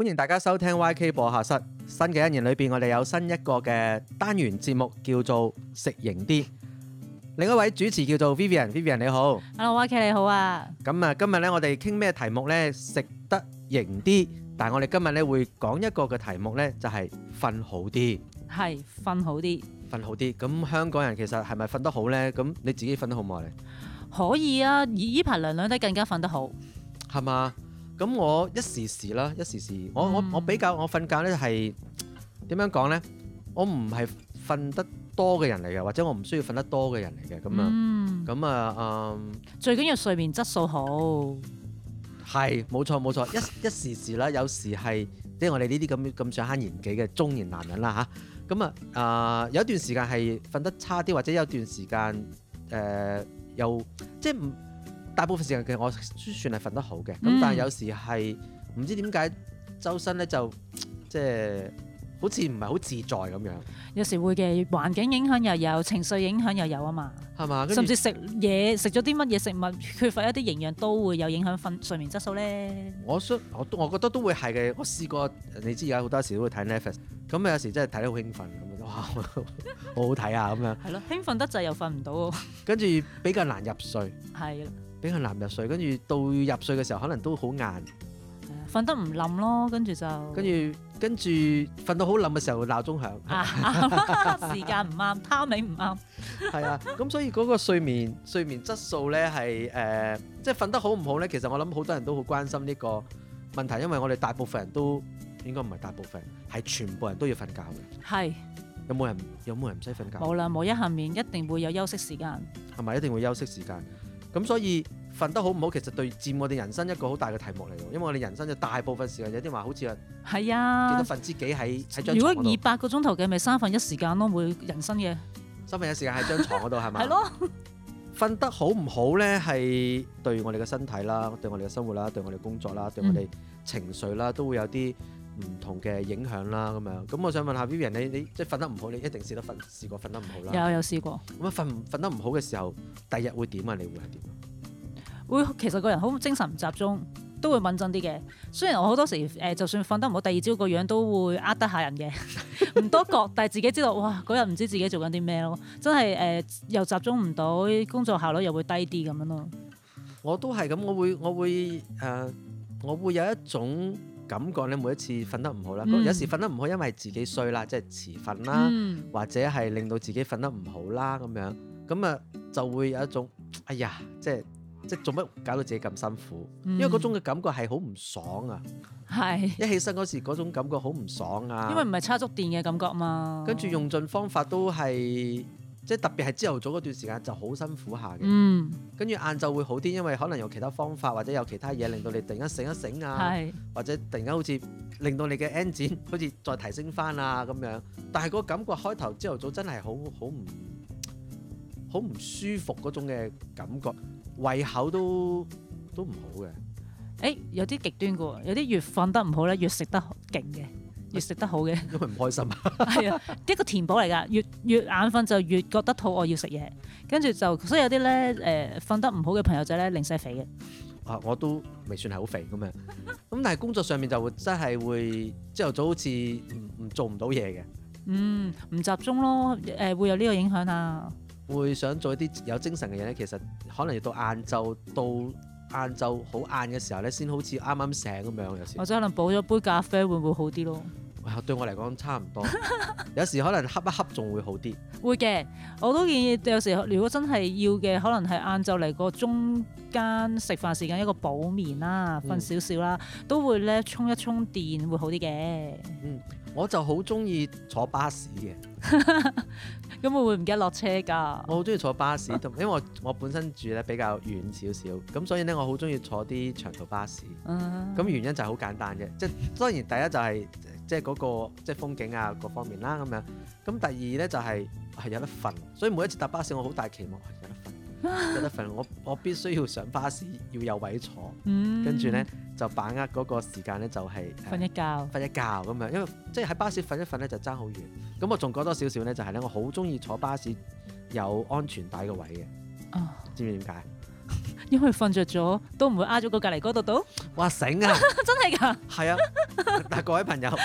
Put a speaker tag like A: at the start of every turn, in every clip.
A: 歡迎大家收聽 YK 播客室。新嘅一年裏邊，我哋有新一個嘅單元節目，叫做食型啲。另一位主持叫做 Vivian，Vivian 你好。
B: Hello，YK 你好啊。
A: 咁啊，今日咧我哋傾咩題目咧？食得型啲，但係我哋今日咧會講一個嘅題目咧，就係瞓好啲。係瞓好啲。瞓好啲。咁香港人其實係咪瞓得好咧？咁你自己瞓得好唔好咧？可以啊，
B: 而呢排娘娘都更加瞓得好，
A: 係嘛？咁我一時時啦，一時時，我我我比較，我瞓覺咧係點樣講咧？我唔係瞓得多嘅人嚟嘅，或者我唔需要瞓得多嘅人嚟嘅。咁啊，咁啊，嗯。呃、最緊要睡眠質素好。係，冇錯冇錯，一一時時啦，有時係即係我哋呢啲咁咁上下年紀嘅中年男人啦嚇，咁啊啊、呃、有，有一段時間係瞓得差啲，或者有段時間誒又即係唔。大部分時間其實我算係瞓得好嘅，咁、嗯、但係有時係唔知點解周身咧就即係好似唔係好自在咁樣。有時會嘅，環
B: 境影響又有，情緒影響又有啊嘛。
A: 係嘛？甚至食
B: 嘢食咗啲乜嘢食物，缺乏一啲營養都會有影響瞓睡眠質素咧。
A: 我我都覺得都會係嘅。我試過你知而家好多時都會睇 Netflix，咁有時真係睇得好興奮咁，哇，好好睇啊咁樣。
B: 係咯， 興奮得滯又瞓唔到。
A: 跟住比較難入睡。係。 俾個男入睡，跟住到入睡嘅時候，可能都好晏，
B: 瞓得唔冧咯，跟住
A: 就跟住跟住瞓到好冧嘅時候，鬧鐘響，
B: 時間唔啱，timing 唔啱，
A: 係啊，咁所以嗰個睡眠睡眠質素咧係誒，即係瞓得好唔好咧？其實我諗好多人都好關心呢個問題，因為我哋大部分人都應該唔係大部分，係全部人都要瞓覺嘅，係有冇人有冇人唔使瞓覺？冇
B: 啦，冇一下眠，一定會有休息時間，
A: 係咪一定會休息時間？咁所以瞓得好唔好，其實對佔我哋人生一個好大嘅題目嚟。因為我哋人生嘅大部分時間，有啲話好似係啊
B: 幾多分
A: 之幾喺喺張牀度。如果二
B: 百個鐘頭嘅，咪三分一時間咯，每人生嘅
A: 三分一時間喺張牀嗰度係咪？係咯，瞓得好唔好咧？係對我哋嘅身體啦，對我哋嘅生活啦，對我哋工作啦，對我哋情緒啦，都會有啲。唔同嘅影響啦，咁樣咁樣，我想問下 Vivian，你你即係瞓得唔好，你一定試到瞓試過瞓得唔好啦。有有試過。咁啊，瞓瞓得唔好嘅時候，第日會點啊？你會係點，啊？
B: 會其實個人好精神唔集中，都會冇精神啲嘅。雖然我好多時誒、呃，就算瞓得唔好，第二朝個樣都會呃得下人嘅，唔 多覺，但係自己知道哇，嗰日唔知自己做緊啲咩咯，真係誒、呃、又集中唔到，工作效率又會低啲咁樣咯。
A: 我都係咁，我會我會誒、呃，我會有一種。感覺咧，每一次瞓得唔好啦，嗯、有時瞓得唔好，因為自己衰啦，即係遲瞓啦，嗯、或者係令到自己瞓得唔好啦咁樣，咁啊就會有一種，哎呀，即係即係做乜搞到自己咁辛苦，嗯、因為嗰種嘅感覺係好唔爽啊，
B: 係是一
A: 起身嗰時嗰種感覺好唔爽啊，因為
B: 唔係充足電嘅感覺嘛，跟住用
A: 盡方法都係。即係特別係朝頭早嗰段時間就好辛苦下嘅，跟住晏晝會好啲，因為可能有其他方法或者有其他嘢令到你突然間醒一醒啊，是或者突然間好似令到你嘅 energy 好似再提升翻啊咁樣。但係個感覺開頭朝頭早真係好好唔好唔舒服嗰種嘅感覺，胃口都都唔好嘅。
B: 誒、欸，有啲極端嘅，有啲越瞓得唔好咧，越食得勁嘅。
A: 越食得好嘅，因為唔開心啊。係 啊、
B: 哎，一個填補嚟㗎。越越眼瞓就越覺得肚餓要食嘢，跟住就所以有啲咧誒瞓得唔好嘅朋友仔咧零
A: 舍肥嘅。啊，我都未算係好肥咁樣，咁 但係工作上面就真係會朝頭早好似唔唔做唔到嘢嘅。嗯，
B: 唔集中咯，誒、呃、會有呢個影響啊。
A: 會想做一啲有精神嘅嘢咧，其實可能要到晏晝到。晏晝好晏嘅時候咧，先好似啱啱醒咁樣，有時
B: 我真可能補咗杯咖啡，
A: 會唔會好啲咯、哎？對我嚟講差唔多， 有時可能瞌一瞌仲會好啲。
B: 會嘅，我都建議有時如果真係要嘅，可能係晏晝嚟個中間食飯時間，一個補眠啦，瞓少少啦，嗯、都會咧充一充電會
A: 好啲嘅。嗯。我就好中意坐巴士嘅， 咁會唔會唔記得落車噶？我好中意坐巴士，因為我我本身住咧比較遠少少，咁所以咧我好中意坐啲長途巴士。咁原因就係好簡單嘅，即係當然第一就係、是、即係嗰個即係風景啊、各方面啦咁樣，咁第二咧就係、是、係有得瞓，所以每一次搭巴士我好大期望有得瞓，我我必須要上巴士要有位坐，跟住咧就把握嗰個時間咧就係、是、瞓一覺，瞓一覺咁樣，因為即係喺巴士瞓一瞓咧就爭好遠。咁、嗯嗯、我仲講多少少咧就係咧，我好中意坐巴士有安全帶個位嘅，嗯、知唔知點解？
B: 因為瞓着咗都唔會挨咗個隔籬嗰度到。
A: 哇！醒啊， 真係㗎嗎，係是啊， 但係各位朋友。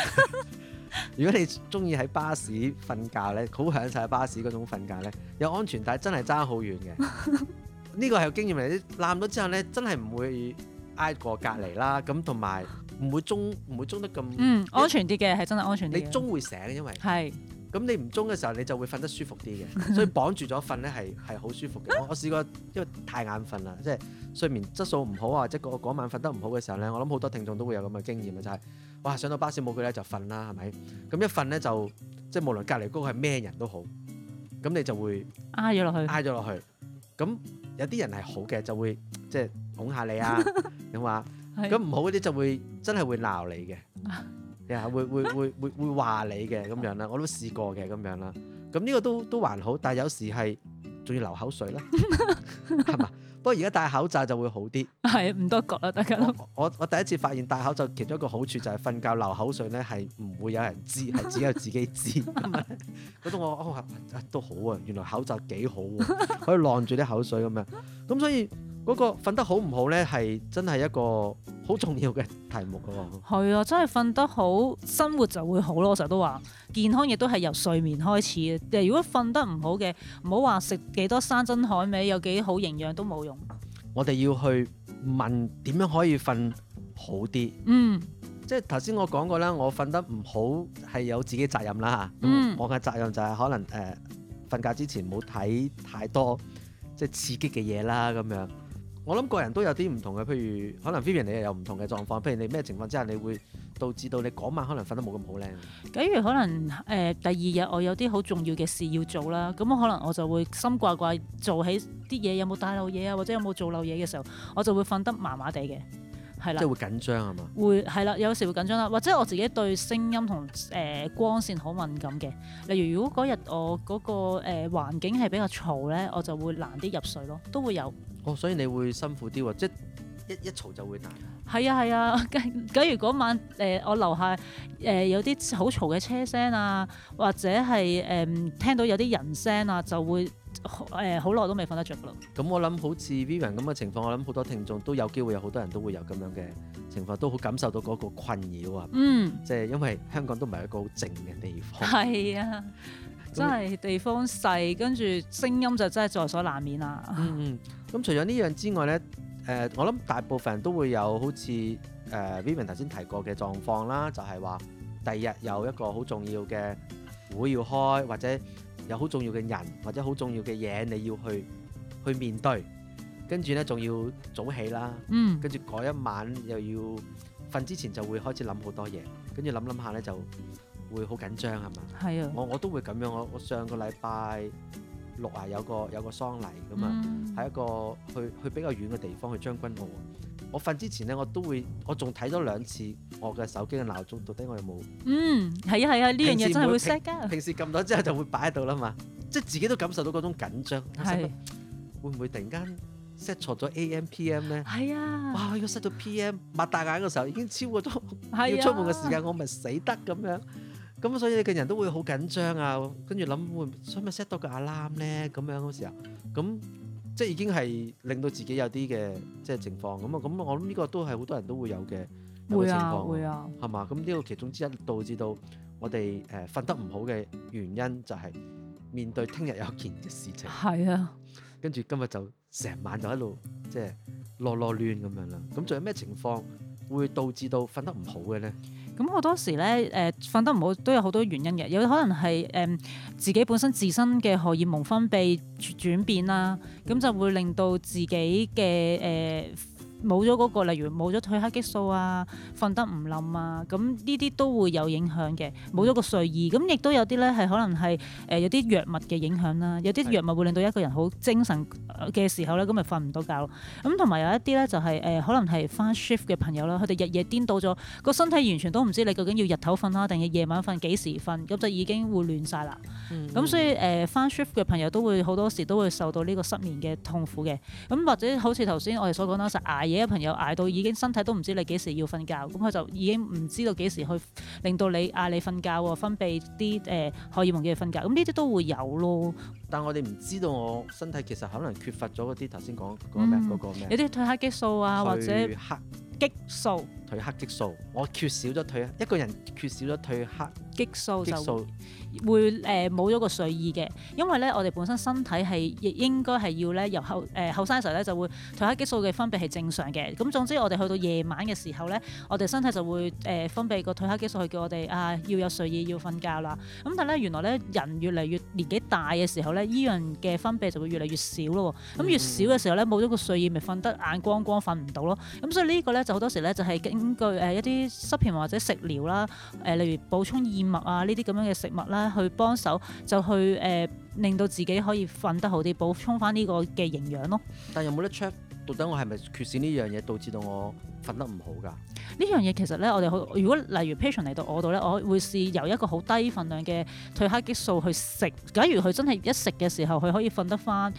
A: 如果你中意喺巴士瞓覺咧，好享受喺巴士嗰種瞓覺咧，有安全帶真係爭好遠嘅。呢 個係有經驗嚟，攬咗之後咧，真係唔會挨過隔離啦。咁同埋唔會中，唔會中得咁、嗯。安全
B: 啲嘅係真係安全啲。你中
A: 會醒，因為係。咁是你唔中嘅時候，你就會瞓得舒服啲嘅。所以綁住咗瞓咧，係係好舒服嘅。我我試過，因為太眼瞓啦，即、就、係、是、睡眠質素唔好啊，即係嗰晚瞓得唔好嘅時候咧，我諗好多聽眾都會有咁嘅經驗嘅，就係、是。哇！上到巴士冇佢咧就瞓啦，係咪？咁一瞓咧就即係無論隔離嗰個係咩人都好，咁你就會挨咗落去。挨咗落去。咁有啲人係好嘅，就會即係捧下你啊，你話。係。咁唔好嗰啲就會真係會鬧你嘅，你係會會會會會話你嘅咁樣啦。我都試過嘅咁樣啦。咁呢個都都還好，但係有時係仲要流口水啦，係嘛？不過而家戴口罩就會好啲，
B: 係唔多覺啦，大 家
A: 樂。我我第一次發現戴口罩其中一個好處就係瞓覺流口水咧，係唔會有人知，係只 有自己知咁啊！嗰 陣我哦、哎、都好啊，原來口罩幾好喎、啊， 可以晾住啲口水咁樣，咁所以。嗰個瞓得好唔好呢？係真係一個好重要嘅題目噶
B: 喎。係啊，真係瞓得好，生活就會好咯。我成日都話健康亦都係由睡眠開始嘅。如果瞓得唔好嘅，唔好話食幾多山珍海味，有幾好營養都冇用。
A: 我哋要去問點樣可以瞓好啲。嗯，即係頭先我講過啦，我瞓得唔好係有自己責任啦、嗯、我嘅責任就係可能誒、呃、瞓覺之前冇睇太多即係刺激嘅嘢啦咁樣。我諗個人都有啲唔同嘅，譬如可能 Vivian 你又有唔同嘅狀況，譬如你咩情況之下，你會導致到你嗰晚可能瞓得冇咁好靚？
B: 假如可能誒、呃、第二日我有啲好重要嘅事要做啦，咁可能我就會心掛掛做起啲嘢，有冇帶漏嘢啊，或者有冇做漏嘢嘅時候，我就會瞓得麻麻地嘅。係啦，對即係會緊張係嘛？會係啦，有時會緊張啦，或者我自己對聲音同誒、呃、光線好敏感嘅。例如，如果嗰日我嗰、嗰個誒、呃、環境係比較嘈咧，我就會難啲入睡咯，都會有。
A: 哦，所以你會辛苦啲喎，即一一嘈就會大，
B: 係啊係啊！假、啊、如嗰晚誒、呃、我樓下誒、呃、有啲好嘈嘅車聲啊，或者係誒、呃、聽到有啲人聲啊，就會誒好耐都未瞓得着噶。
A: 咁我諗好似 Vivian 咁嘅情況，我諗好多聽眾都有機會，有好多人都會有咁樣嘅情況，都好感受到嗰個困擾啊。嗯，即係因為香港都唔係一個好靜嘅地方。係啊，真係
B: 地方細，跟住聲音就真係在所難免啦。
A: 嗯嗯，咁除咗呢樣之外咧。誒，uh, 我諗大部分人都會有好似誒、uh, Vivian 頭先提過嘅狀況啦，就係話第二日有一個好重要嘅會要開，或者有好重要嘅人或者好重要嘅嘢你要去去面對，跟住咧仲要早起啦，嗯，跟住嗰一晚又要瞓之前就會開始諗好多嘢，跟住諗諗下咧就會好緊張係嘛？係啊，的我我都會咁樣，我我上個禮拜。六啊，有個有個喪禮㗎嘛，係一個去去比較遠嘅地方，去將軍澳。我瞓之前咧，我都會，我仲睇咗兩次我嘅手機嘅鬧鐘，到底我有冇？
B: 嗯，係啊係啊，呢樣嘢真係會 set
A: 㗎。平時撳咗平之後就會擺喺度啦嘛，即係自己都感受到嗰種緊張，心諗的會唔會突然間 set 錯咗 AM PM 咧？係啊的，哇！要 set 到 PM 擘大眼嘅時候已經超過咗要出門嘅時間，我咪死得咁樣。咁、嗯、所以你嘅人都會好緊張啊，跟住諗會，可唔可以 set 多個 alarm 咧？咁樣嘅時候，咁、嗯、即係已經係令到自己有啲嘅即係情況咁啊。咁、嗯、我諗呢個都係好多人都會有嘅
B: 一個情況、啊，
A: 係嘛、啊？咁呢、嗯這個其中之一導致到我哋誒瞓得唔好嘅原因，就係面對聽日有件嘅事情。係啊，跟住今日就成晚就喺度，即係囉囉攣咁樣啦。咁、嗯、仲、嗯、有咩情況會導致到瞓得唔好嘅咧？
B: 咁好多時呢，誒、呃、瞓得唔好都有好多原因嘅，有可能係、呃、自己本身自身嘅荷爾蒙分泌轉變啦，咁、啊、就會令到自己嘅冇咗嗰個，例如冇咗褪黑激素啊，瞓得唔冧啊，咁呢啲都會有影響嘅。冇咗個睡意，咁亦都有啲咧係可能係誒、呃、有啲藥物嘅影響啦。有啲藥物會令到一個人好精神嘅時候咧，咁咪瞓唔到覺。咁同埋有一啲咧就係、是、誒、呃、可能係翻 shift 嘅朋友啦，佢哋日夜顛倒咗，個身體完全都唔知你究竟要日頭瞓啊定係夜晚瞓，幾時瞓，咁就已經會亂晒啦。咁、嗯、所以誒翻、呃、shift 嘅朋友都會好多時都會受到呢個失眠嘅痛苦嘅。咁或者好似頭先我哋所講嗰也有朋友挨到已經身體都唔知你幾時要瞓覺，咁佢就已經唔知道幾時去令到你嗌你瞓覺，分泌啲誒、呃、荷爾蒙嘅瞓覺，咁呢啲都會有咯。
A: 但係我哋唔知道我身體其實可能缺乏咗嗰啲頭先講嗰咩嗰個咩？嗯、個有啲褪
B: 黑激素啊，黑或者黑。激素
A: 褪黑激素，我缺少咗褪，一個人缺少咗、呃呃、褪黑
B: 激素，素會誒冇咗個睡意嘅，因為咧我哋本身身體係亦應該係要咧由後誒後生時候咧就會褪黑激素嘅分泌係正常嘅，咁總之我哋去到夜晚嘅時候咧，我哋身體就會誒、呃、分泌個褪黑激素去叫我哋啊要有睡意要瞓覺啦，咁但係咧原來咧人越嚟越年紀大嘅時候咧，呢樣嘅分泌就會越嚟越少咯，咁、嗯、越少嘅時候咧冇咗個睡意咪瞓得眼光光瞓唔到咯，咁所以個呢個咧就。好多時咧就係根據誒一啲濕片或者食療啦，誒、呃、例如補充燕麥啊呢啲咁樣嘅食物啦、啊，去幫手就去誒、呃、令到自己可以瞓得好啲，補充翻呢個嘅營養咯。
A: 但有冇得 check 到底我係咪缺少呢樣嘢，導致我我到我瞓得唔好㗎？
B: 呢樣嘢其實咧，我哋好如果例如 patient 嚟到我度咧，我會試由一個好低份量嘅褪黑激素去食。假如佢真係一食嘅時候，佢可以瞓得翻。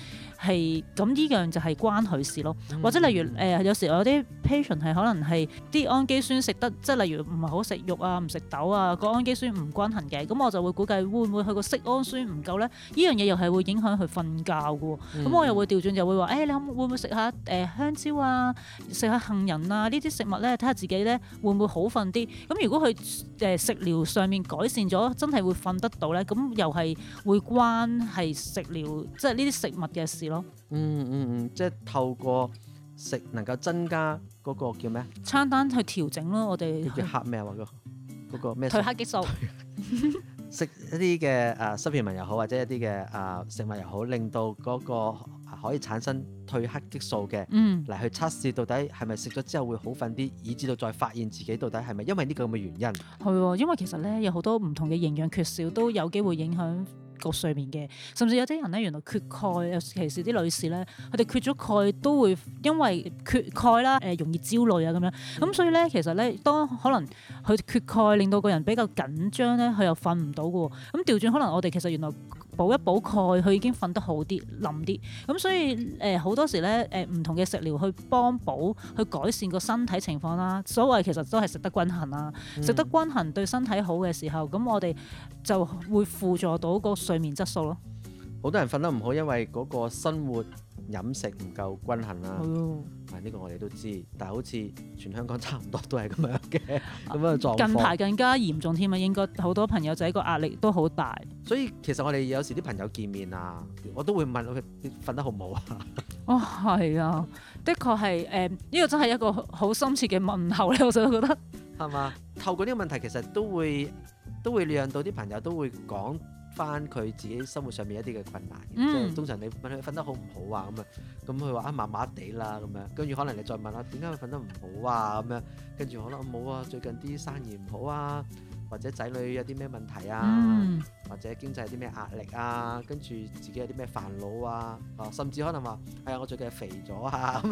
B: 係咁，呢樣就係關佢事咯。或者例如誒、呃，有時我有啲 patient 係可能係啲氨基酸食得，即係例如唔係好食肉啊，唔食豆啊，個氨基酸唔均衡嘅，咁我就會估計會唔會佢個色氨酸唔夠咧？呢樣嘢又係會影響佢瞓覺嘅。咁、嗯、我又會調轉就會話：誒、哎，你可會唔會食下誒香蕉啊？食下杏仁啊？呢啲食物咧，睇下自己咧會唔會好瞓啲？咁如果佢誒食療上面改善咗，真係會瞓得到咧，咁又係會關係食療即係呢啲食物嘅事咯。
A: 嗯嗯嗯，即係透過食能夠增加嗰個叫咩啊？餐單去調整咯，我哋叫，叫黑咩啊？嗰、嗰個嗰、嗰個咩？褪黑激素 食一啲嘅誒，舒片文又好，或者一啲嘅誒食物又好，令到嗰個可以產生褪黑激素嘅，嗯，嚟去測試到底係咪食咗之後會好瞓啲，以至到再發現自己到底係咪因為呢個咁嘅原因？
B: 係、哦，因為其實咧有好多唔同嘅營養缺少都有機會影響。個睡眠嘅，甚至有啲人咧，原來缺鈣，尤其是啲女士咧，佢哋缺咗鈣都會因為缺鈣啦，誒、呃、容易焦慮啊咁樣。咁、嗯、所以咧，其實咧，當可能佢缺鈣令到個人比較緊張咧，佢又瞓唔到嘅。咁調轉，可能我哋其實原來。補一補鈣，佢已經瞓得好啲，冧啲。咁所以誒好、呃、多時咧誒唔同嘅食療去幫補，去改善個身體情況啦。所謂其實都係食得均衡啦，食，嗯、得均衡對身體好嘅時候，咁我哋就會輔助到個睡眠質素咯。
A: 好多人瞓得唔好，因為嗰個生活飲食唔夠均衡啦、啊。係呢、oh. 啊呢個我哋都知，但係好似全香港差唔多都係咁樣嘅咁 樣，狀況近排更
B: 加嚴重添啊，應該好多朋友仔個壓力都好大。
A: 所以其實我哋有時啲朋友見面啊，我都會問到佢瞓得好唔好啊。
B: 哦，係啊，的確係誒，呢、呃呢個真係一個好深切嘅問候咧，我就覺得
A: 係嘛。 透過呢個問題，其實都會都會讓到啲朋友都會講。翻佢自己生活上面一啲嘅困難，嗯、即係通常你問佢瞓得好唔好啊？咁啊，咁佢話啊麻麻地啦咁樣，跟住可能你再問啊，點解佢瞓得唔好啊？咁樣，跟住可能啊冇啊，最近啲生意唔好啊，或者仔女有啲咩問題啊，嗯、或者經濟有啲咩壓力啊，跟住自己有啲咩煩惱啊，啊，甚至可能話哎呀，我最近肥咗啊，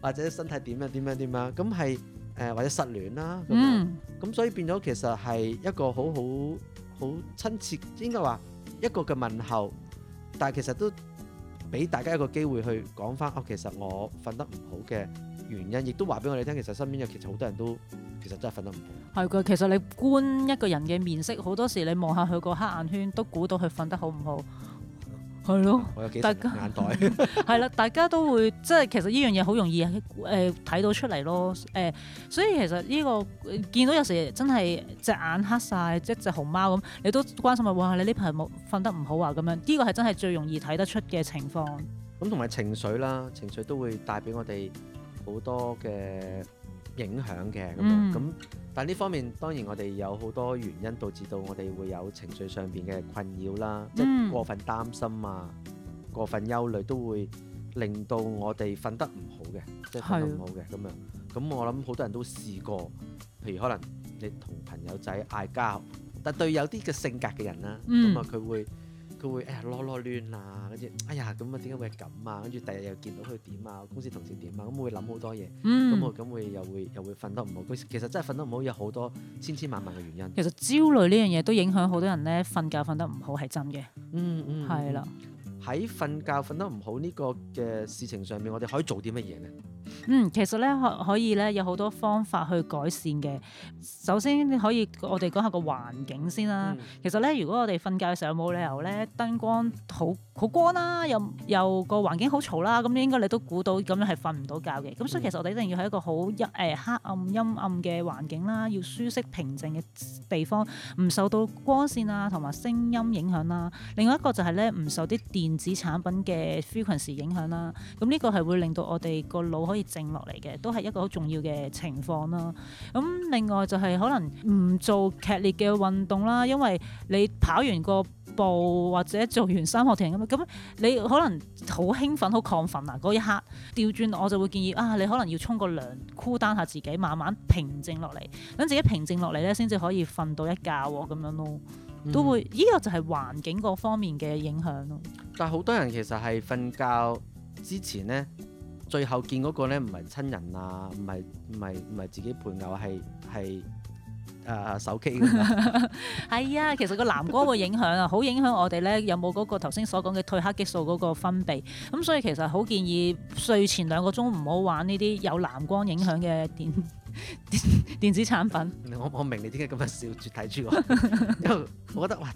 A: 或者身體點樣點樣點樣，樣，咁係誒或者失戀啦、啊，咁，咁、嗯、所以變咗其實係一個好好。好親切，應該話一個嘅問候，但係其實都俾大家一個機會去講翻，哦，其實我瞓得唔好嘅原因，亦都話俾我哋聽。其實身邊有其實好多人都其實真係瞓得唔
B: 好。係佢，其實你觀一個人嘅面色，好多時你望下佢個黑眼圈，都估到佢瞓得好唔好。係咯，
A: 大家眼袋
B: 係啦， 大家都會即係其實呢樣嘢好容易誒睇、呃、到出嚟咯，誒所以其實呢、呢個見到有時真係隻眼黑晒，即係隻熊貓咁，你都關心，咪哇你呢排冇瞓得唔好啊咁樣，呢個係真係最容易睇得出嘅情況。
A: 咁同埋情緒啦，情緒都會帶俾我哋好多嘅影響嘅咁樣，咁、嗯、但係呢方面當然我哋有好多原因導致到我哋會有情緒上邊嘅困擾啦，嗯、即係過分擔心啊，過分憂慮都會令到我哋瞓得唔好嘅，即係瞓得唔好嘅咁是的 樣。咁我諗好多人都試過，譬如可能你同朋友仔嗌交，但對有啲嘅性格嘅人啦、啊，咁啊佢會。佢會哎，囉囉、啊、哎呀攞攞攣啊，跟住哎呀咁啊點解會咁啊？跟住第日又見到佢點啊，公司同事點啊，咁、嗯、我會諗好多嘢，咁我咁會又會又會瞓得唔好。佢其實真係瞓得唔好有好多千千萬萬嘅原因。其實
B: 焦慮呢樣嘢都影響好多人咧，瞓覺瞓得唔好係真嘅、嗯。嗯嗯，係啦。
A: 喺瞓覺瞓得唔好呢個嘅事情上面，我哋可以做啲乜嘢咧？
B: 嗯，其實咧可可以咧有好多方法去改善嘅。首先可以我哋講下個環境先啦。嗯，其實咧，如果我哋瞓覺嘅時候冇理由咧，燈光好。好光啦、啊，又又個環境好嘈啦，咁應該你都估到咁樣係瞓唔到覺嘅。咁所以其實我哋一定要喺一個好陰誒黑暗陰暗嘅環境啦，要舒適平靜嘅地方，唔受到光線啊同埋聲音影響啦。另外一個就係咧，唔受啲電子產品嘅 frequency 影響啦。咁呢個係會令到我哋個腦可以靜落嚟嘅，都係一個好重要嘅情況啦。咁另外就係可能唔做劇烈嘅運動啦，因為你跑完、嗰個步或者做完三項停，咁樣，咁你可能好興奮、好亢奮嗱，嗰一刻調轉，我就會建議啊，你可能要沖個涼，孤單下自己，慢慢平靜落嚟，等自己平靜落嚟咧，先至可以瞓到一覺咁樣咯，都會依、嗯、個就係環境各方面嘅影響咯。
A: 但係好多人其實係瞓覺之前咧，最後見嗰個咧唔係親人啊，唔係唔係唔係自己朋友，係係。誒手機咁
B: 啊，係 啊，其實個藍光會影響啊，好 影響我哋咧，有冇嗰個頭先所講嘅褪黑激素嗰個分泌，咁所以其實好建議睡前兩個鐘唔好玩呢啲有藍光影響嘅電電子產品。
A: 我我明你點解咁樣笑住睇住我，我， 因為我
B: 覺得哇！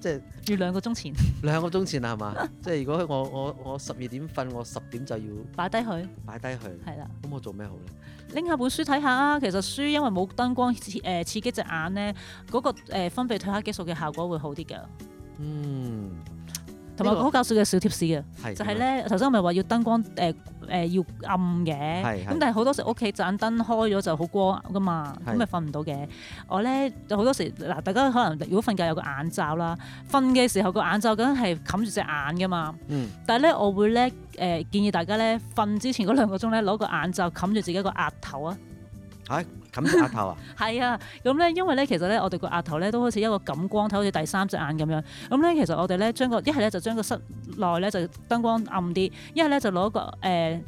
B: 即係要兩個鐘前，
A: 前，兩個鐘前啦，係嘛？即係如果我我我十二點瞓，我十點，點就要擺低佢，擺低佢，係啦的。咁、嗯、我做咩好咧？
B: 拎下本書睇下啊！其實書因為冇燈光誒、呃、刺激隻眼咧，嗰、那個分泌褪黑激素嘅效果會好啲㗎。嗯。
A: 同埋好搞笑嘅
B: 小貼士嘅，的就係咧頭先我咪話要燈光誒誒、呃呃、要暗嘅，咁的但係好多時屋企盞燈開咗就好光㗎嘛，咁咪瞓唔到嘅。我咧好多時嗱，大家可能如果瞓覺有個眼罩啦，瞓嘅時候個眼罩梗係冚住隻眼㗎嘛，嗯、但係咧我會咧誒、呃、建議大家咧瞓之前嗰兩個鐘咧攞個眼罩冚住自己個額頭啊。
A: 嚇！冚住、啊、額頭啊？
B: 係 啊，咁咧，因為咧，其實咧，我哋個額頭咧都好似一個感光體，好似第三隻眼咁樣。咁、嗯、咧，其實我哋咧將一個一係咧就將個室內咧就燈光暗啲、呃呃，一係咧就攞個誒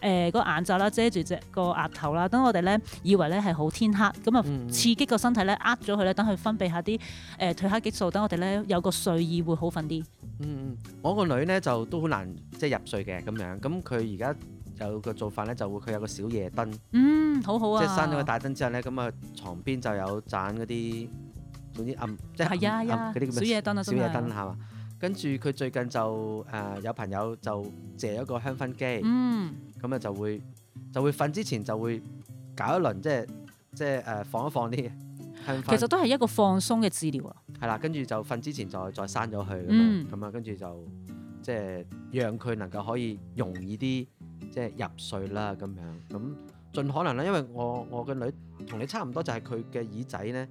B: 誒個眼罩啦，遮住隻個額頭啦。等我哋咧以為咧係好天黑，咁啊刺激個身體咧呃咗佢咧，等佢分泌一下啲誒褪黑激素，等我哋咧有個睡意會好瞓啲。
A: 嗯，我個女咧就都好難即係入睡嘅咁樣，咁佢而家，有個做法咧，就會佢有個小夜燈，
B: 嗯，好好啊，即係關咗個大
A: 燈之後咧，咁啊，床邊就有盞嗰啲，總之暗，即係暗嗰啲咁嘅小夜燈、啊、小夜燈係嘛？跟住佢最近就誒、呃、有朋友就借咗個香薰機，嗯，咁啊就會就會瞓之前就會搞一輪，即係即係誒、呃、放一放啲香薰，其實都
B: 係一個放鬆嘅治療
A: 啊。係啦，跟住就瞓之前再再關咗佢咁樣，咁啊跟住就即係讓佢能夠可以容易啲。即係入睡啦，咁樣咁盡可能啦，因為我我個女同你差唔多就，就係佢嘅耳仔咧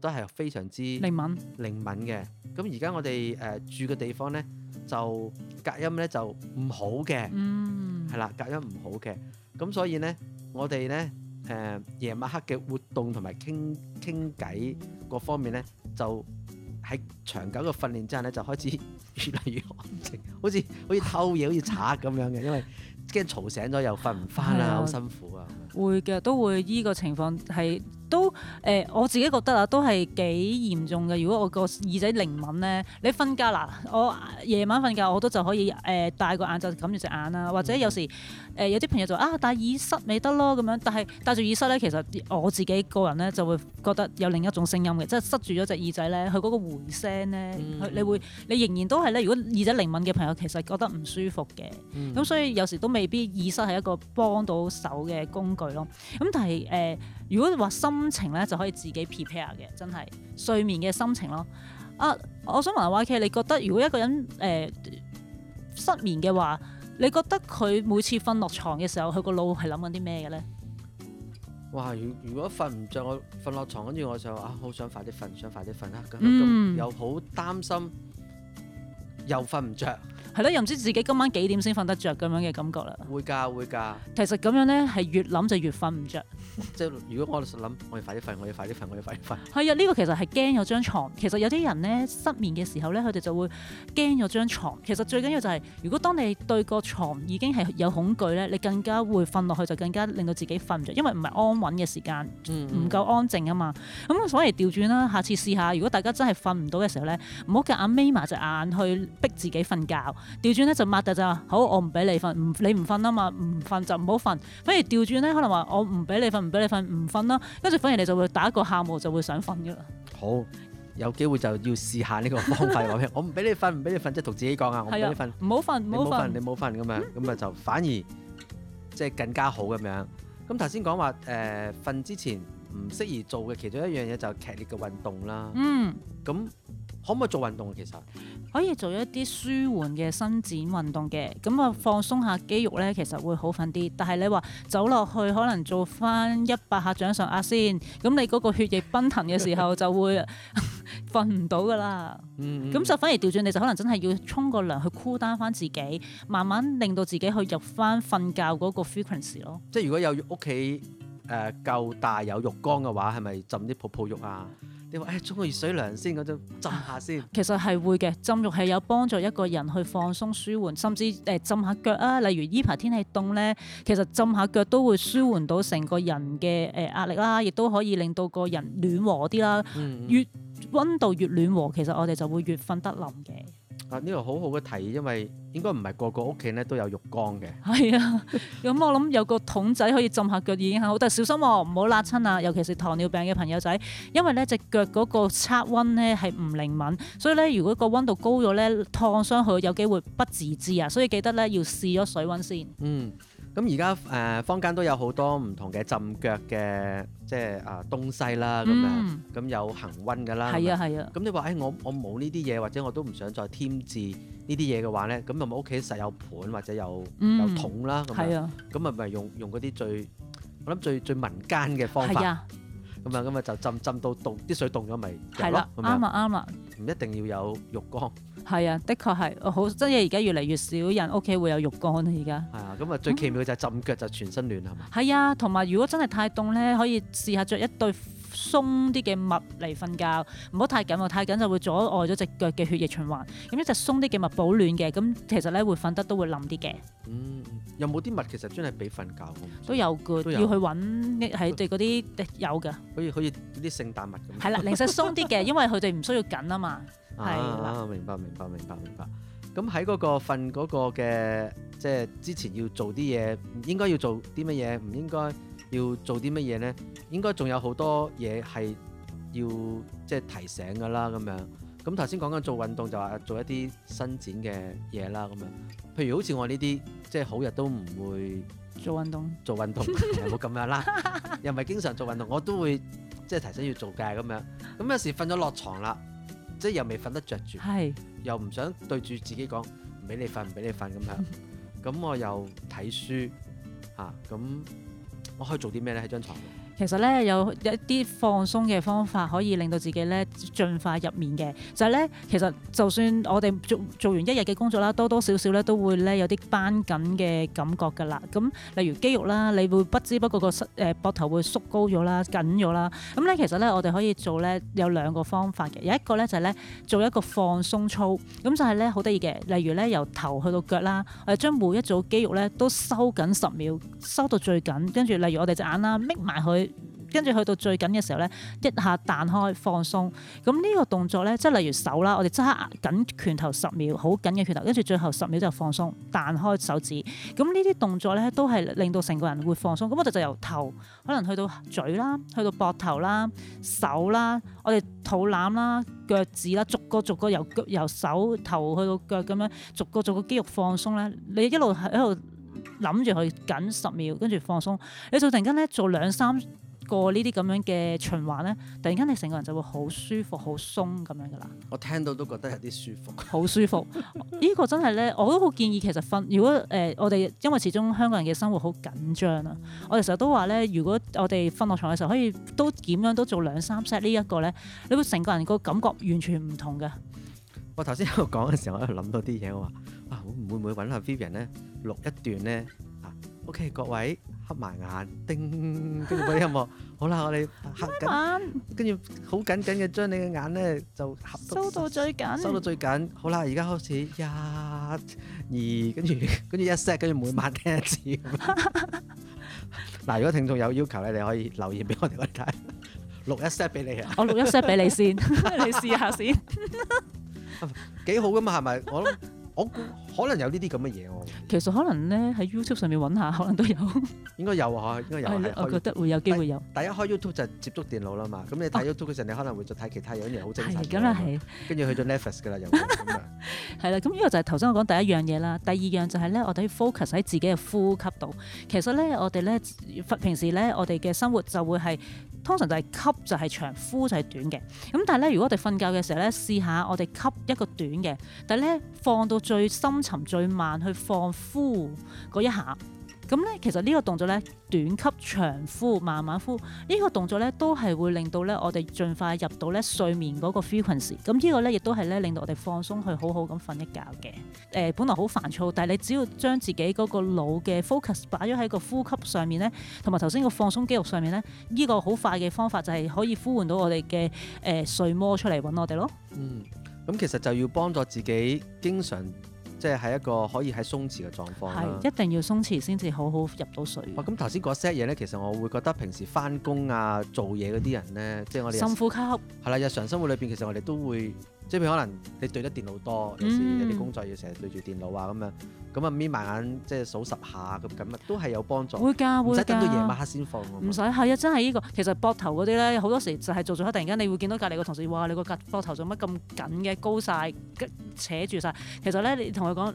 A: 都係非常之靈敏靈敏嘅。咁而家我哋誒、呃、住嘅地方咧就隔音咧就唔好嘅，係啦、嗯，隔音唔好嘅。咁所以咧我哋咧誒夜晚黑嘅活動同埋傾傾偈各方面咧就喺長久嘅訓練之下咧就開始越嚟越安靜，好似好似偷嘢好似賊咁樣嘅，因為。 驚嘈醒咗又瞓唔翻啦，好、嗯、辛苦啊！
B: 會嘅，都會依個情況係。都誒、呃，我自己覺得啊，都係幾嚴重嘅。如果我個耳仔靈敏咧，你瞓覺嗱，我夜晚瞓覺，我都就可以誒、呃、戴個眼罩，冚住隻眼啦。或者有時誒、呃，有啲朋友就啊戴耳塞咪得咯咁樣。但係戴住耳塞咧，其實我自己個人咧就會覺得有另一種聲音嘅，即係塞住咗隻耳仔咧，佢嗰個回聲咧，嗯、你會你仍然都係咧。如果耳仔靈敏嘅朋友，其實覺得唔舒服嘅。咁、嗯嗯、所以有時都未必耳塞係一個幫到手嘅工具咯。咁但係誒、呃如果你話心情咧，就可以自己 prepare 嘅，真係睡眠嘅心情咯。啊，我想問下 YK，你覺得如果一個人誒、呃、失眠嘅話，你覺得佢每次瞓落床嘅時候，佢個腦係諗緊啲咩嘅咧？
A: 哇！如果瞓唔着，我瞓落床，跟住我就啊，好想快啲瞓，想快啲瞓啦，咁又好擔心又瞓唔着。
B: 係咯，又唔知自己今晚幾點先瞓得着，咁樣嘅感覺啦。會㗎，會㗎。其實咁樣咧，係越
A: 諗就越瞓唔着。即係、 就是、如果我諗，我要快啲瞓，我要快啲瞓，我要快啲
B: 瞓。係 啊，呢、這個其實係驚咗張床。其實有啲人咧，失眠嘅時候咧，佢哋就會驚咗張床。其實最緊要就係、是，如果當你對個床已經係有恐懼咧，你更加會瞓落去就更加令到自己瞓唔著，因為唔係安穩嘅時間，唔夠、嗯嗯、安靜啊嘛。咁我所以調轉啦，下次試下。如果大家真係瞓唔到嘅時候咧，唔好夾硬瞇埋隻眼去逼自己瞓覺。調轉咧就抹嘅咋，好，我唔俾你瞓，唔你唔瞓啊嘛，唔瞓就唔好瞓。反而調轉咧，可能話我唔俾你瞓，唔俾你瞓，唔瞓啦，跟住反而你就會打一個喊，我就會想瞓嘅啦。
A: 好，有機會就要試下呢個方法， 我唔俾你瞓，唔俾你瞓，即係同自己講啊，我唔俾你瞓，唔好瞓，唔好瞓，你冇瞓、嗯，你唔瞓咁樣，咁啊就反而即係更加好咁樣。咁頭先講話誒瞓之前唔適宜做嘅其中一樣嘢就係劇烈嘅運動啦。嗯，咁可唔可以做運動其實？可以做一啲舒緩嘅
B: 伸展運動嘅，咁啊放鬆下肌肉咧，其實會好瞓啲。但係你話走落去可能做翻一百下掌上壓先，咁你嗰個血液奔騰嘅時候就會瞓唔到噶啦。嗯，
A: 咁就反
B: 而調轉，你就可能真係要沖個涼去 cool down 翻自己，慢慢令到自己去入翻瞓覺嗰個 frequency 咯。
A: 即係如果有屋企誒夠大有浴缸嘅話，係咪浸啲泡泡浴啊？你話誒沖個熱水涼先，嗰種浸下先，
B: 啊、其實係會嘅。浸浴係有幫助一個人去放鬆舒緩，甚至誒、呃、浸下腳啊。例如依排天氣凍咧，其實浸下腳都會舒緩到成個人嘅誒、呃、壓力啦，亦都可以令到個人暖和啲啦。嗯嗯越溫度越暖和，其實我哋就會越瞓得冧嘅。
A: 呢、啊，這個好好嘅提議，因為應該唔係個個屋企咧都有浴缸嘅。
B: 係啊，咁我諗有個桶仔可以浸下腳已經係好，但小心喎，唔好辣親啊！尤其是糖尿病嘅朋友仔，因為咧隻腳嗰個測温咧係唔靈敏，所以咧如果個温度高咗咧，燙傷佢有機會不自知啊，所以記得咧要試咗水温先。嗯，咁而
A: 家誒坊間都有好多唔同嘅浸腳嘅。即係啊東西啦咁樣，咁、嗯、有恆溫噶啦，係啊係啊。咁你話誒我我冇呢啲嘢，或者我都唔想再添置呢啲嘢嘅話咧，咁又咪屋企實有盆或者有有桶啦咁、嗯、樣，咁咪咪用用嗰啲最我諗最最民間嘅方法，咁係啊咁啊就浸浸到凍啲水凍咗咪入咯，啱啊啱啊，唔一定要有浴缸。
B: 係啊，的確係，好真係而家越嚟越少人屋企會有浴缸，而家係啊，
A: 咁啊最奇妙就係浸腳就全身暖係嘛？
B: 係啊，同埋如果真係太凍咧，可以試下着一對鬆啲嘅襪嚟瞓覺，唔好太緊，太緊就會阻礙咗隻腳嘅血液循環。咁一隻鬆啲嘅襪保暖嘅，咁其實咧會瞓得都會冧啲嘅。嗯，
A: 有冇啲襪其實真係俾瞓覺？
B: 都有㗎，有要去揾喺對嗰啲有㗎。好
A: 似好似啲聖誕襪咁啊？係啦，零食鬆
B: 啲嘅，因為佢哋唔需要緊啊嘛。
A: 係啦、啊，明白明白明白明白。咁喺嗰個瞓嗰個嘅，即係之前要做啲嘢，應該要做啲乜嘢，唔應該要做啲乜嘢咧？應該仲有好多嘢係要即係提醒噶啦，咁樣。咁頭先講緊做運動就話做一啲伸展嘅嘢啦，咁樣。譬如好似我呢啲，即係好日都唔會做運動，做運動又冇咁樣啦， 又唔係經常做運動，我都會即係提醒要做嘅。咁樣。咁有時瞓咗落床啦。即係又未瞓得着住，是又唔想對住自己講唔俾你瞓唔俾你瞓咁樣，咁 我又睇書嚇，咁、啊、我可以做啲咩咧喺張牀度？
B: 其實咧有一啲放鬆嘅方法可以令到自己咧進化入面嘅，就係、是、咧其實就算我哋做做完一日嘅工作啦，多多少少咧都會咧有啲繃緊嘅感覺㗎喇。咁、嗯、例如肌肉啦，你會不知不覺個誒膊頭會縮高咗啦、緊咗啦。咁、嗯、咧其實咧我哋可以做咧有兩個方法嘅，有一個咧就係、是、咧做一個放鬆操，咁、嗯、就係咧好得意嘅。例如咧由頭去到腳啦，誒、呃、將每一組肌肉咧都收緊十秒，收到最緊，跟住例如我哋隻眼啦，搣埋佢。跟住去到最緊嘅時候咧，一下彈開放鬆。咁呢個動作咧，即係例如手啦，我哋揸緊拳頭十秒，好緊嘅拳頭，跟住最後十秒就放鬆彈開手指。咁呢啲動作咧，都係令到成個人會放鬆。咁我哋就由頭可能去到嘴啦，去到膊頭啦、手啦，我哋肚腩啦、腳趾啦，逐個逐個由由手頭去到腳咁樣，逐個，逐個逐個肌肉放鬆咧。你一路喺度諗住去緊十秒，跟住放鬆，你就突然間咧做兩三。過呢啲咁樣嘅循環咧，突然間你成個人就會好舒服、好鬆咁樣噶啦。
A: 我聽到都覺得有啲舒服。
B: 好舒服，呢 個真係咧，我都好建議其實瞓。如果誒、呃、我哋因為始終香港人嘅生活好緊張啊，我哋成日都話咧，如果我哋瞓落床嘅時候可以都點樣都做兩三 set 呢一個咧，你會成個人個感覺完全唔同嘅。
A: 我頭先喺度講嘅時候，我喺度諗到啲嘢，我話啊，會唔會搵下 Vivian 咧錄一段咧？啊，OK，各位。合埋眼，叮，跟住播啲音樂。好啦，我哋合緊，跟住好緊緊嘅將你嘅眼咧就合到收到最緊，收到最緊。好啦，而家開始一、二，跟住跟住一 set，跟住每晚聽一次。嗱， 如果聽眾有要求咧，你可以留言俾我哋睇，錄一 set 俾你啊。我錄一 set 俾你先， 你試下先，幾 好㗎嘛？係咪？我哦、可能有呢啲咁嘅嘢哦。
B: 其實可能咧喺 YouTube 上面揾下，可能都有。
A: 應該有啊，應該有。係、啊，的我覺得會有機會有。第一開 YouTube 就係接觸電腦啦嘛。咁你睇 YouTube 嘅時候，啊、你可能會再睇其他 樣嘢，好正常。係咁啦，係。跟住去咗 Netflix 㗎啦，又係咁
B: 啊。係啦，咁呢個就係頭先我講第一樣嘢啦。第二樣就係咧，我哋可以 focus 喺自己嘅呼吸度。其實咧，我哋咧平時咧，我哋嘅生活就會係。通常就係吸，就係長，呼就係短嘅，咁但係咧，如果我哋瞓覺嘅時候咧，試下我哋吸一個短嘅，但係咧，放到最深沉、最慢去放呼嗰一下。咁咧，其實呢個動作咧，短吸長呼，慢慢呼，呢個動作咧，都係會令到咧，我哋盡快入到咧睡眠嗰個 frequency。咁呢個咧，亦都係咧，令到我哋放鬆去好好咁瞓一覺嘅。誒，本來好煩躁，但係你只要將自己嗰個腦嘅 focus 擺咗喺個呼吸上面咧，同埋頭先個放鬆肌肉上面咧，呢個好快嘅方法就係可以呼喚到我哋嘅誒睡魔出嚟揾我哋咯。嗯，
A: 咁其實就要幫助自己經常。即係喺一個可以喺鬆弛嘅狀況啦，係一
B: 定要鬆弛先至好好入到水。咁頭
A: 先嗰 set 嘢咧，其實我會覺得平時翻工啊、做嘢嗰啲人咧，即係我哋深呼吸係啦。日常生活裏邊，其實我哋都會即係譬如可能你對得電腦多，嗯、有時有啲工作要成日對住電腦啊咁樣。咁啊，眯埋眼，即係數十下咁，咁啊，都係有幫助。會㗎，會㗎。唔使等到夜晚黑先放，唔
B: 使係啊，真係呢個。其實膊頭嗰啲咧，好多時就係做做下。突然間你會見到隔離個同事，哇！你個膊頭做乜咁緊嘅，高晒，扯住晒。」其實咧，你同佢講，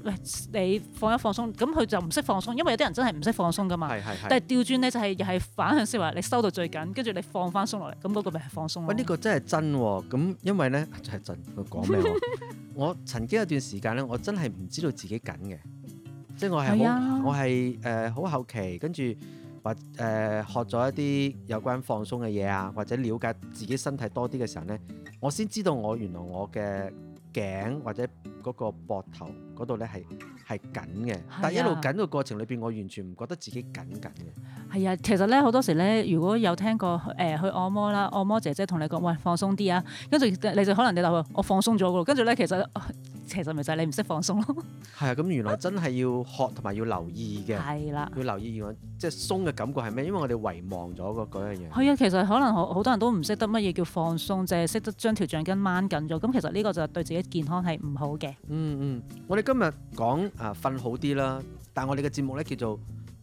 B: 喂，你放一放鬆，咁佢就唔識放鬆，因為有啲人真係唔識放鬆㗎嘛。係係係。但係調轉咧就係又係反向式話，你收到最緊，跟住你放翻鬆落嚟，咁嗰個咪係放鬆。喂，呢個
A: 真係真喎。咁因為咧，真佢講咩？ 我曾經有段時間咧，我真係唔知道自己緊嘅。即係我係、啊呃、好，我係誒好後期，跟住或誒學咗一啲有關放鬆嘅嘢啊，或者了解自己身體多啲嘅時候咧，我先知道我原來我嘅頸或者嗰個頸頭嗰度咧係係緊嘅，但係一路緊嘅過程裏邊，啊、我完全唔覺得自己緊緊嘅。
B: 係啊，其實咧好多時咧，如果有聽過誒、呃、去按摩啦，按摩姐姐同你講喂，放鬆啲啊，跟住你就可能你話我放鬆咗嘅喎，跟住咧其實。呃其實咪就係你唔識放鬆咯，
A: 係啊，咁原來真係要學同埋要留意嘅，係啦，要留意點樣，即係鬆嘅感覺係咩？因為我哋遺忘咗嗰樣嘢。係
B: 啊，其實可能好好多人都唔識得乜嘢叫放鬆，淨係識得將條橡筋掹緊咗。咁其實呢個就係對自己健康係唔好嘅。
A: 嗯嗯，我哋今日講啊瞓好啲啦，但係我哋嘅節目咧叫做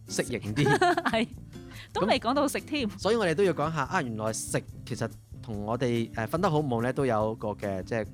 A: 適應啲，係都未講到食添。所以我哋都要講下啊，原來食其實同我哋誒瞓得好唔好咧都有個嘅即係。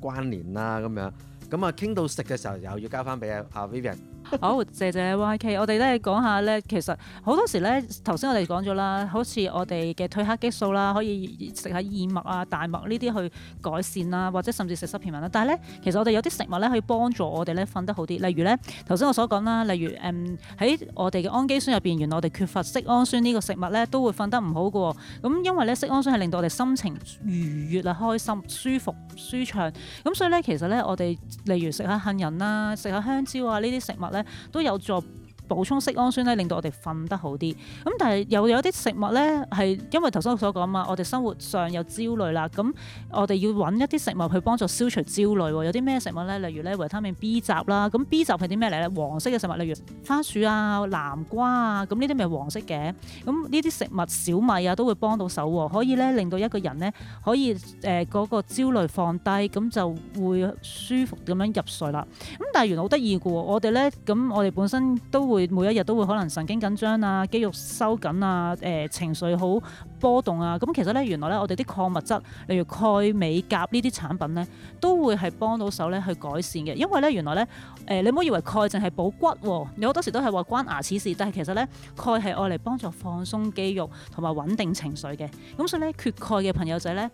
A: 關聯啦咁樣，咁啊傾到食嘅時候，又要交翻俾阿 Vivian。
B: 好，謝謝 YK。我哋都係講下咧，其實好多時咧，頭先我哋講咗啦，好似我哋嘅褪黑激素啦，可以食下燕麥啊、大麥呢啲去改善啦、啊，或者甚至食濕片文啦。但係咧，其實我哋有啲食物咧可以幫助我哋咧瞓得好啲。例如咧，頭先我所講啦，例如誒喺、嗯、我哋嘅氨基酸入邊，原來我哋缺乏色氨酸呢個食物咧，都會瞓得唔好嘅、哦。咁、嗯、因為咧，色氨酸係令到我哋心情愉悅啊、開心、舒服、舒暢。咁、嗯、所以咧，其實咧，我哋例如食下杏仁啦、啊、食下香蕉啊呢啲食物咧。都有助。補充色氨酸咧，令到我哋瞓得好啲。咁但係又有啲食物咧，係因為頭先我所講啊嘛，我哋生活上有焦慮啦。咁我哋要揾一啲食物去幫助消除焦慮喎。有啲咩食物咧？例如咧維他命 B 雜啦。咁 B 雜係啲咩嚟咧？黃色嘅食物，例如番薯啊、南瓜啊。咁呢啲咪黃色嘅。咁呢啲食物、小米啊，都會幫到手喎。可以咧令到一個人咧可以誒嗰個焦慮放低，咁就會舒服咁樣入睡啦。咁但係原來好得意嘅喎，我哋咧咁我哋本身都會。每一日都會可能神經緊張啊、肌肉收緊啊、誒、呃、情緒好波動啊，咁、嗯、其實咧原來咧我哋啲礦物質，例如鈣、鎂、鉀呢啲產品咧，都會係幫到手咧去改善嘅。因為咧原來咧誒、呃，你唔好以為鈣淨係補骨啊，你好多時都係話關牙齒事，但係其實咧鈣係愛嚟幫助放鬆肌肉同埋穩定情緒嘅。咁、嗯、所以咧缺鈣嘅朋友仔咧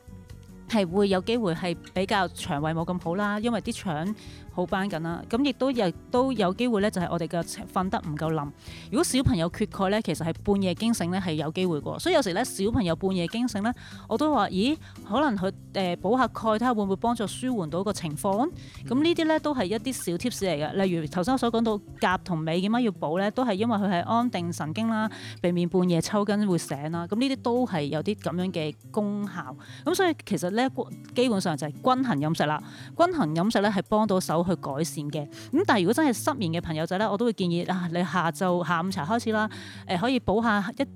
B: 係會有機會係比較腸胃冇咁好啦，因為啲腸。好班緊啦，咁亦都亦都有機會咧，就係我哋嘅瞓得唔夠冧。如果小朋友缺鈣咧，其實係半夜驚醒咧，係有機會㗎。所以有時咧，小朋友半夜驚醒咧，我都話：咦，可能佢誒補下鈣，睇下會唔會幫助舒緩到個情況。咁呢啲咧都係一啲小 tips 嚟嘅。例如頭先我所講到鈣同鎂點解要補咧，都係因為佢係安定神經啦，避免半夜抽筋會醒啦。咁呢啲都係有啲咁樣嘅功效。咁所以其實咧，基本上就係均衡飲食啦。均衡飲食咧係幫到手。去改善嘅，咁但係如果真係失眠嘅朋友仔咧，我都會建議啊，你下晝下午茶開始啦，誒、呃，可以補下一。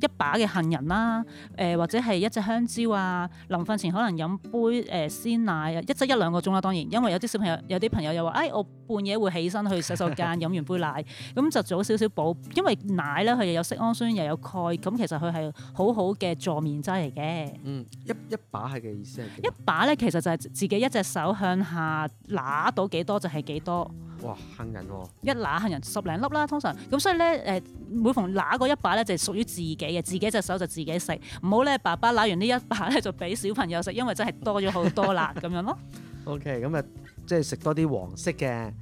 B: 一把嘅杏仁啦、啊，誒、呃、或者係一隻香蕉啊，臨瞓前可能飲杯誒、呃、鮮奶，一則一兩個鐘啦、啊。當然，因為有啲小朋友，有啲朋友又話，誒、哎、我半夜會起身去洗手間飲 完杯奶，咁就早少少補，因為奶咧佢又有色氨酸又有鈣，咁其實佢係好好嘅助眠劑嚟嘅。嗯，一把
A: 一把係嘅意思係。一
B: 把咧，其實就係自己一隻手向下拿到，到幾多就係幾多。
A: 哇，杏仁喎、哦，
B: 一揦杏仁十零粒啦，通常咁所以咧，誒，每逢揦嗰一把咧，就係屬於自己嘅，自己隻手就自己食，唔好咧，爸爸拿完呢一把咧，就俾小朋友食，因為真係多
A: 咗好多喇咁 樣咯。OK，咁、呃就係、啊，即係食多啲黃色嘅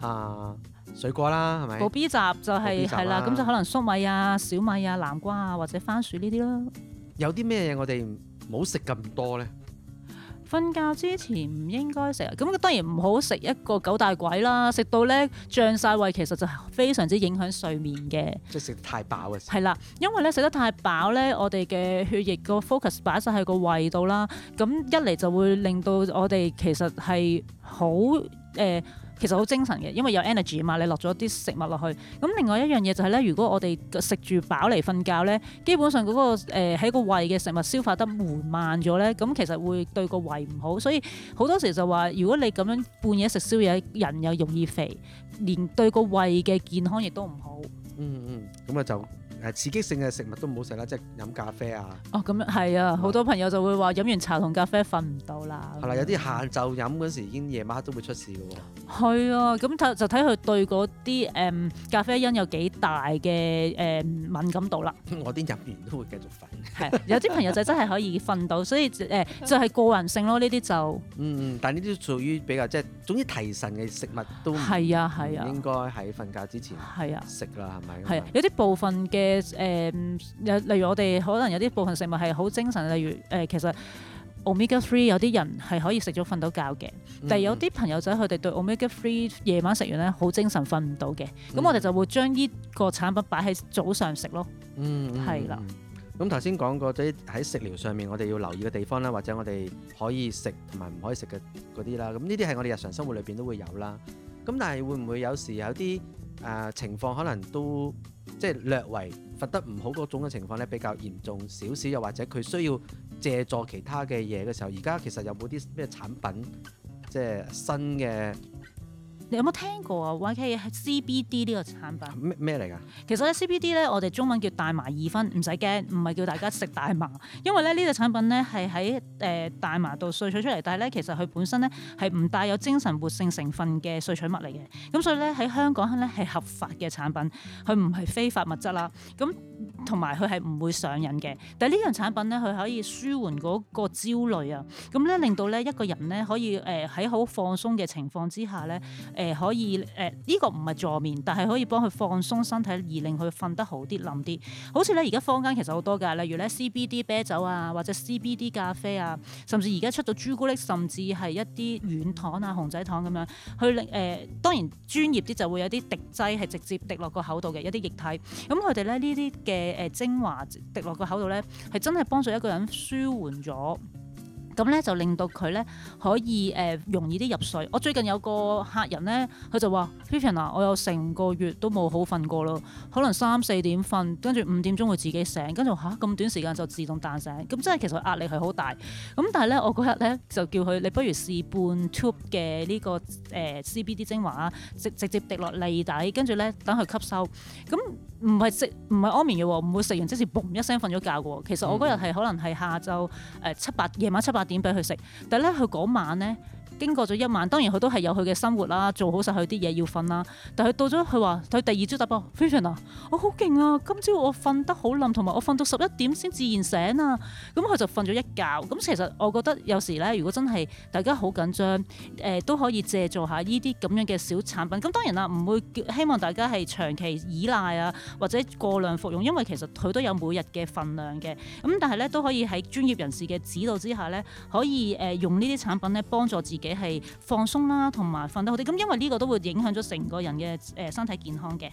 A: 啊水果啦，係咪？B B 雜就係係啦，咁就可
B: 能粟米啊、小米啊、南瓜啊或者番薯呢啲咯。
A: 有啲咩嘢我哋唔好食咁多咧？
B: 瞓覺之前唔應該食，咁當然唔好食一個九大簋啦，食到咧脹晒胃，其實就係非常之影響睡眠嘅。即係食得太飽啊！係啦，因為咧食得太飽咧，我哋嘅血液個 focus 擺晒喺個胃度啦，咁一嚟就會令到我哋其實係好誒。呃其實好精神嘅，因為有 energy 嘛，你落咗啲食物落去。咁另外一樣嘢就係咧，如果我哋食住飽嚟瞓覺咧，基本上嗰個誒喺個胃嘅食物消化得緩慢咗咧，咁其實會對個胃唔好。所以好多時就話，如果你咁樣半夜食宵夜，人又容易肥，連對個胃嘅健康亦都唔好。
A: 嗯嗯，咁啊就。刺激性嘅食物都唔好食啦，即係飲咖啡啊！
B: 哦，咁樣係啊，好多朋友就會話飲完茶同咖啡瞓唔到啦。
A: 係、嗯、啦，有啲下晝飲嗰時，已經夜晚黑都會出事㗎喎。
B: 係啊，咁就睇佢對嗰啲誒咖啡因有幾大嘅誒敏感度啦。我
A: 啲入完都會繼續瞓。
B: 有啲朋友就真係可以瞓到，所以誒就係個人性咯，呢啲就。
A: 但呢啲屬於比較即係總之提神嘅食物都係啊係啊，應該喺瞓覺之前係啊食啦，係、嗯、咪、嗯？
B: 有啲部分嘅。嘅、呃、有例如我哋可能有啲部分食物係好精神，例如誒、呃、其實 omega three 有啲人係可以食咗瞓到覺嘅，嗯嗯但係有啲朋友仔佢哋對 omega three 夜晚食完咧好精神瞓唔到嘅，咁我哋就會將呢個產品擺喺早上食咯。
A: 嗯，係、嗯、啦、嗯。咁頭先講過啲喺食療上面我哋要留意嘅地方啦，或者我哋可以食同埋唔可以食嘅嗰啲啦。咁呢啲係我哋日常生活裏邊都會有啦。咁但係會唔會有時有啲？誒、呃、情況可能都即係略為罰得唔好嗰種嘅情況咧，比較嚴重少少，又或者佢需要借助其他嘅嘢嘅時候，而家其實有冇啲咩產品即係新嘅？
B: 你有冇聽過啊？YK CBD 呢個產品
A: 咩咩嚟噶？麼
B: 其實咧 CBD 咧，我哋中文叫大麻二酚，唔使驚，唔係叫大家食大麻，因為咧呢個產品咧係喺誒大麻度萃取出嚟，但係咧其實佢本身咧係唔帶有精神活性成分嘅萃取物嚟嘅，咁所以咧喺香港咧係合法嘅產品，佢唔係非法物質啦。咁同埋佢係唔會上癮嘅，但係呢樣產品咧，佢可以舒緩嗰個焦慮啊，咁咧令到咧一個人咧可以誒喺好放鬆嘅情況之下咧。誒、呃、可以誒呢、呃這個唔係助眠，但係可以幫佢放鬆身體而令佢瞓得好啲冧啲。好似咧而家坊間其實好多㗎，例如咧 CBD 啤酒啊，或者 CBD 咖啡啊，甚至而家出到朱古力，甚至係一啲軟糖啊、熊仔糖咁樣去令誒、呃。當然專業啲就會有啲滴劑係直接滴落個口度嘅一啲液體。咁佢哋咧呢啲嘅誒精華滴落個口度咧係真係幫助一個人舒緩咗。咁咧就令到佢咧可以誒、呃、容易啲入睡。我最近有個客人咧，佢就話：Pipina，我有成個月都冇好瞓過咯，可能三四點瞓，跟住五點鐘會自己醒，跟住吓咁短時間就自動彈醒。咁真係其實壓力係好大。咁但係咧，我嗰日咧就叫佢，你不如試半 tube 嘅呢、這個誒、呃、CBD 精華直接直接滴落脷底，跟住咧等佢吸收。咁唔係食唔係安眠嘅，唔會食完即時嘣一聲瞓咗覺嘅喎。其實我嗰日係可能係下晝誒、呃、七八夜晚七八。點俾佢食？但係咧，佢嗰晚咧。經過咗一晚，當然佢都係有佢嘅生活啦，做好晒佢啲嘢要瞓啦。但係到咗佢話，佢第二朝答話，非常啊，我好勁啊！今朝我瞓得好冧，同埋我瞓到十一點先自然醒啊。咁、嗯、佢就瞓咗一覺。咁、嗯、其實我覺得有時咧，如果真係大家好緊張，誒、呃、都可以借助下呢啲咁樣嘅小產品。咁、嗯、當然啦，唔會希望大家係長期依賴啊，或者過量服用，因為其實佢都有每日嘅份量嘅。咁、嗯、但係咧都可以喺專業人士嘅指導之下咧，可以誒用呢啲產品咧幫助自己。你係放鬆啦，同埋瞓得好啲。咁因為呢個都會影響咗成個人嘅誒身體健康嘅。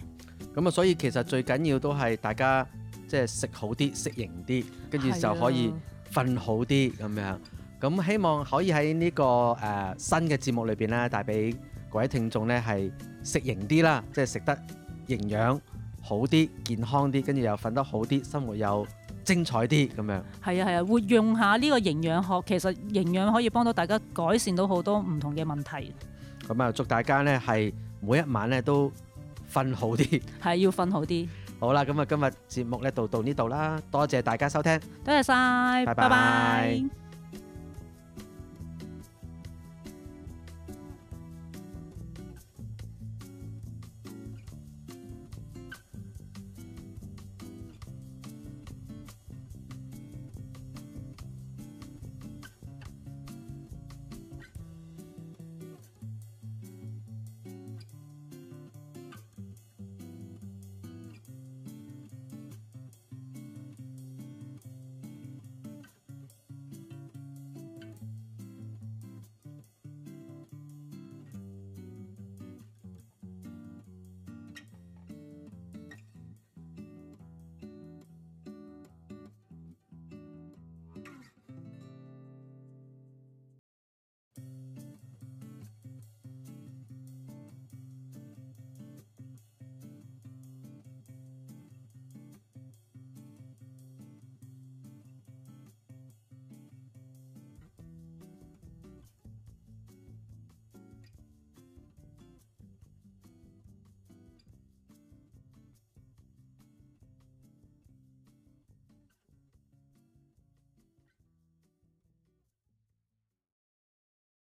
A: 咁啊，所以其實最緊要都係大家即係食好啲、食型啲，跟住就可以瞓好啲咁的樣。咁希望可以喺呢、這個誒、呃、新嘅節目裏邊咧，帶俾各位聽眾咧係食型啲啦，即係食得營養好啲、健康啲，跟住又瞓得好啲，生活又。精彩啲咁樣，
B: 係啊係啊，活用下呢個營養學，其實營養可以幫到大家改善到好多唔同嘅問題。
A: 咁啊，祝大家咧係每一晚咧都瞓好啲，係要瞓好啲。好啦，咁啊今日節目咧就到呢度啦，多謝大家收聽，多謝晒，拜拜。Bye bye